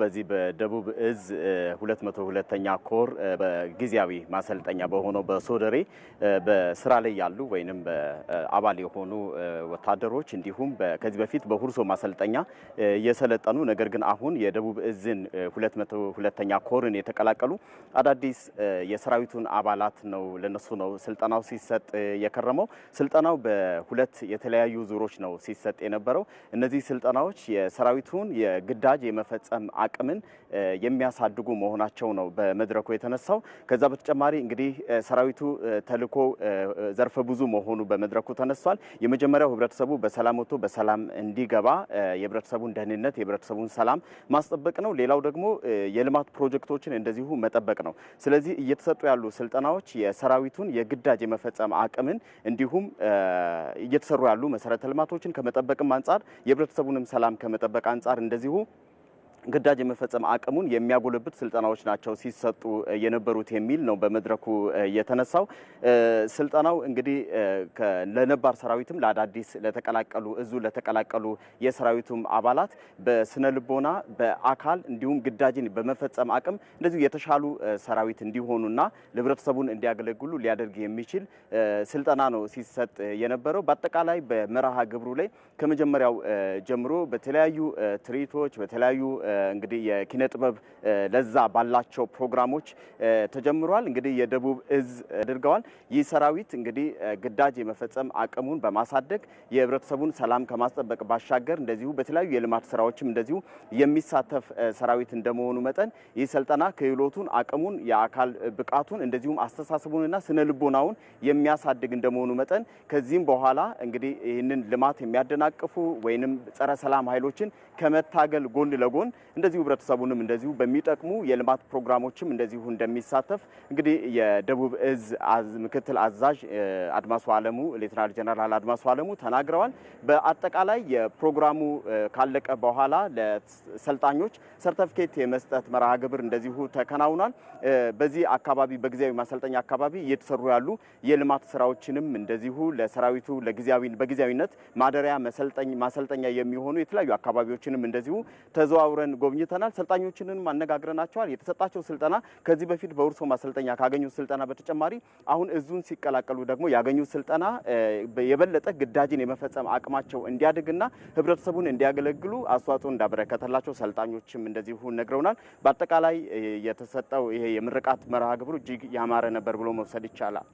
በዚህ በደቡብ እዝ 202ኛ ኮር በጊዜያዊ ማሰልጠኛ በሆነው በሶደሬ በስራ ላይ ያሉ ወይንም በአባል የሆኑ ወታደሮች እንዲሁም ከዚህ በፊት በሁርሶ ማሰልጠኛ እየሰለጠኑ ነገር ግን አሁን የደቡብ እዝን 202ኛ ኮርን የተቀላቀሉ አዳዲስ የሰራዊቱን አባላት ነው። ለነሱ ነው ስልጠናው ሲሰጥ የከረመው። ስልጠናው በሁለት የተለያዩ ዙሮች ነው ሲሰጥ የነበረው። እነዚህ ስልጠናዎች የሰራዊቱን የግዳጅ የመፈጸም አቅምን የሚያሳድጉ መሆናቸው ነው በመድረኩ የተነሳው። ከዛ በተጨማሪ እንግዲህ ሰራዊቱ ተልዕኮ ዘርፈ ብዙ መሆኑ በመድረኩ ተነሷል። የመጀመሪያው ህብረተሰቡ በሰላም ወጥቶ በሰላም እንዲገባ የህብረተሰቡን ደህንነት የህብረተሰቡን ሰላም ማስጠበቅ ነው። ሌላው ደግሞ የልማት ፕሮጀክቶችን እንደዚሁ መጠበቅ ነው። ስለዚህ እየተሰጡ ያሉ ስልጠናዎች የሰራዊቱን የግዳጅ የመፈጸም አቅምን እንዲሁም እየተሰሩ ያሉ መሰረተ ልማቶችን ከመጠበቅም አንጻር የህብረተሰቡንም ሰላም ከመጠበቅ አንጻር እንደዚሁ ግዳጅ የመፈጸም አቅሙን የሚያጎለብት ስልጠናዎች ናቸው ሲሰጡ የነበሩት የሚል ነው በመድረኩ የተነሳው። ስልጠናው እንግዲህ ለነባር ሰራዊትም ለአዳዲስ ለተቀላቀሉ እዙ ለተቀላቀሉ የሰራዊቱም አባላት በስነ ልቦና፣ በአካል እንዲሁም ግዳጅን በመፈጸም አቅም እንደዚሁ የተሻሉ ሰራዊት እንዲሆኑና ለህብረተሰቡን እንዲያገለግሉ ሊያደርግ የሚችል ስልጠና ነው ሲሰጥ የነበረው። በአጠቃላይ በመርሃ ግብሩ ላይ ከመጀመሪያው ጀምሮ በተለያዩ ትርኢቶች በተለያዩ እንግዲህ የኪነ ጥበብ ለዛ ባላቸው ፕሮግራሞች ተጀምሯል። እንግዲህ የደቡብ እዝ አድርገዋል። ይህ ሰራዊት እንግዲህ ግዳጅ የመፈጸም አቅሙን በማሳደግ የህብረተሰቡን ሰላም ከማስጠበቅ ባሻገር እንደዚሁ በተለያዩ የልማት ስራዎችም እንደዚሁ የሚሳተፍ ሰራዊት እንደመሆኑ መጠን ይህ ስልጠና ክህሎቱን፣ አቅሙን፣ የአካል ብቃቱን እንደዚሁም አስተሳሰቡንና ስነ ልቦናውን የሚያሳድግ እንደመሆኑ መጠን ከዚህም በኋላ እንግዲህ ይህንን ልማት የሚያደናቅፉ ወይንም ጸረ ሰላም ኃይሎችን ከመታገል ጎን ለጎን እንደዚሁ ህብረተሰቡንም እንደዚሁ በሚጠቅሙ የልማት ፕሮግራሞችም እንደዚሁ እንደሚሳተፍ እንግዲህ የደቡብ እዝ ምክትል አዛዥ አድማሱ አለሙ ሌትናል ጀነራል አድማሱ አለሙ ተናግረዋል። በአጠቃላይ የፕሮግራሙ ካለቀ በኋላ ለሰልጣኞች ሰርተፍኬት የመስጠት መርሃ ግብር እንደዚሁ ተከናውኗል። በዚህ አካባቢ በጊዜያዊ ማሰልጠኛ አካባቢ እየተሰሩ ያሉ የልማት ስራዎችንም እንደዚሁ ለሰራዊቱ በጊዜያዊነት ማደሪያ ማሰልጠኛ የሚሆኑ የተለያዩ አካባቢዎችንም እንደዚሁ ተዘዋውረን ጎብኝተናል። ሰልጣኞችንም አነጋግረናቸዋል። የተሰጣቸው ስልጠና ከዚህ በፊት በውርሶ ማሰልጠኛ ካገኙት ስልጠና በተጨማሪ አሁን እዙን ሲቀላቀሉ ደግሞ ያገኙት ስልጠና የበለጠ ግዳጅን የመፈጸም አቅማቸው እንዲያድግና ህብረተሰቡን እንዲያገለግሉ አስተዋጽኦ እንዳበረከተላቸው ሰልጣኞችም እንደዚሁ ነግረውናል። በአጠቃላይ የተሰጠው ይሄ የምርቃት መርሃ ግብሩ እጅግ ያማረ ነበር ብሎ መውሰድ ይቻላል።